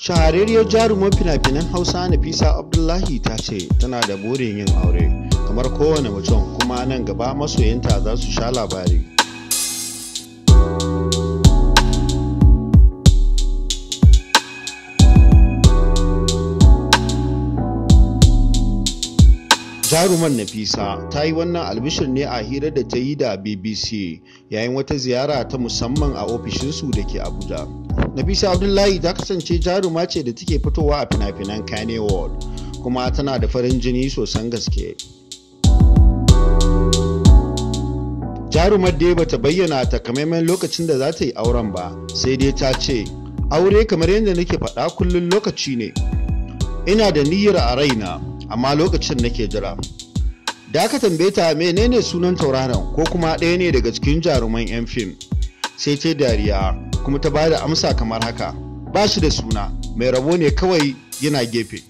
shahararriyar jaruman fina-finan hausa nafisa abdullahi ta ce tana da burin yin aure kamar kowane mutum kuma nan gaba masoyinta za su sha labari jaruman nafisa ta yi wannan albishir ne a hira da ta yi da bbc yayin wata ziyara ta musamman a ofishinsu da ke abuja Nafisa Abdullahi ta kasance jaruma ce da take fitowa a fina-finan Kanye World kuma tana da farin jini sosan gaske. Jarumar dai bata bayyana takamaiman lokacin da za ta yi auren ba, sai dai ta ce, aure kamar yadda nake faɗa kullum lokaci ne. Ina da niyyar a raina, amma lokacin nake jira. Da aka tambaye menene sunan tauraron ko kuma ɗaya ne daga cikin jaruman 'yan fim. Sai ce dariya, kuma ta da amsa kamar haka ba shi da suna mai rabo ne kawai yana gefe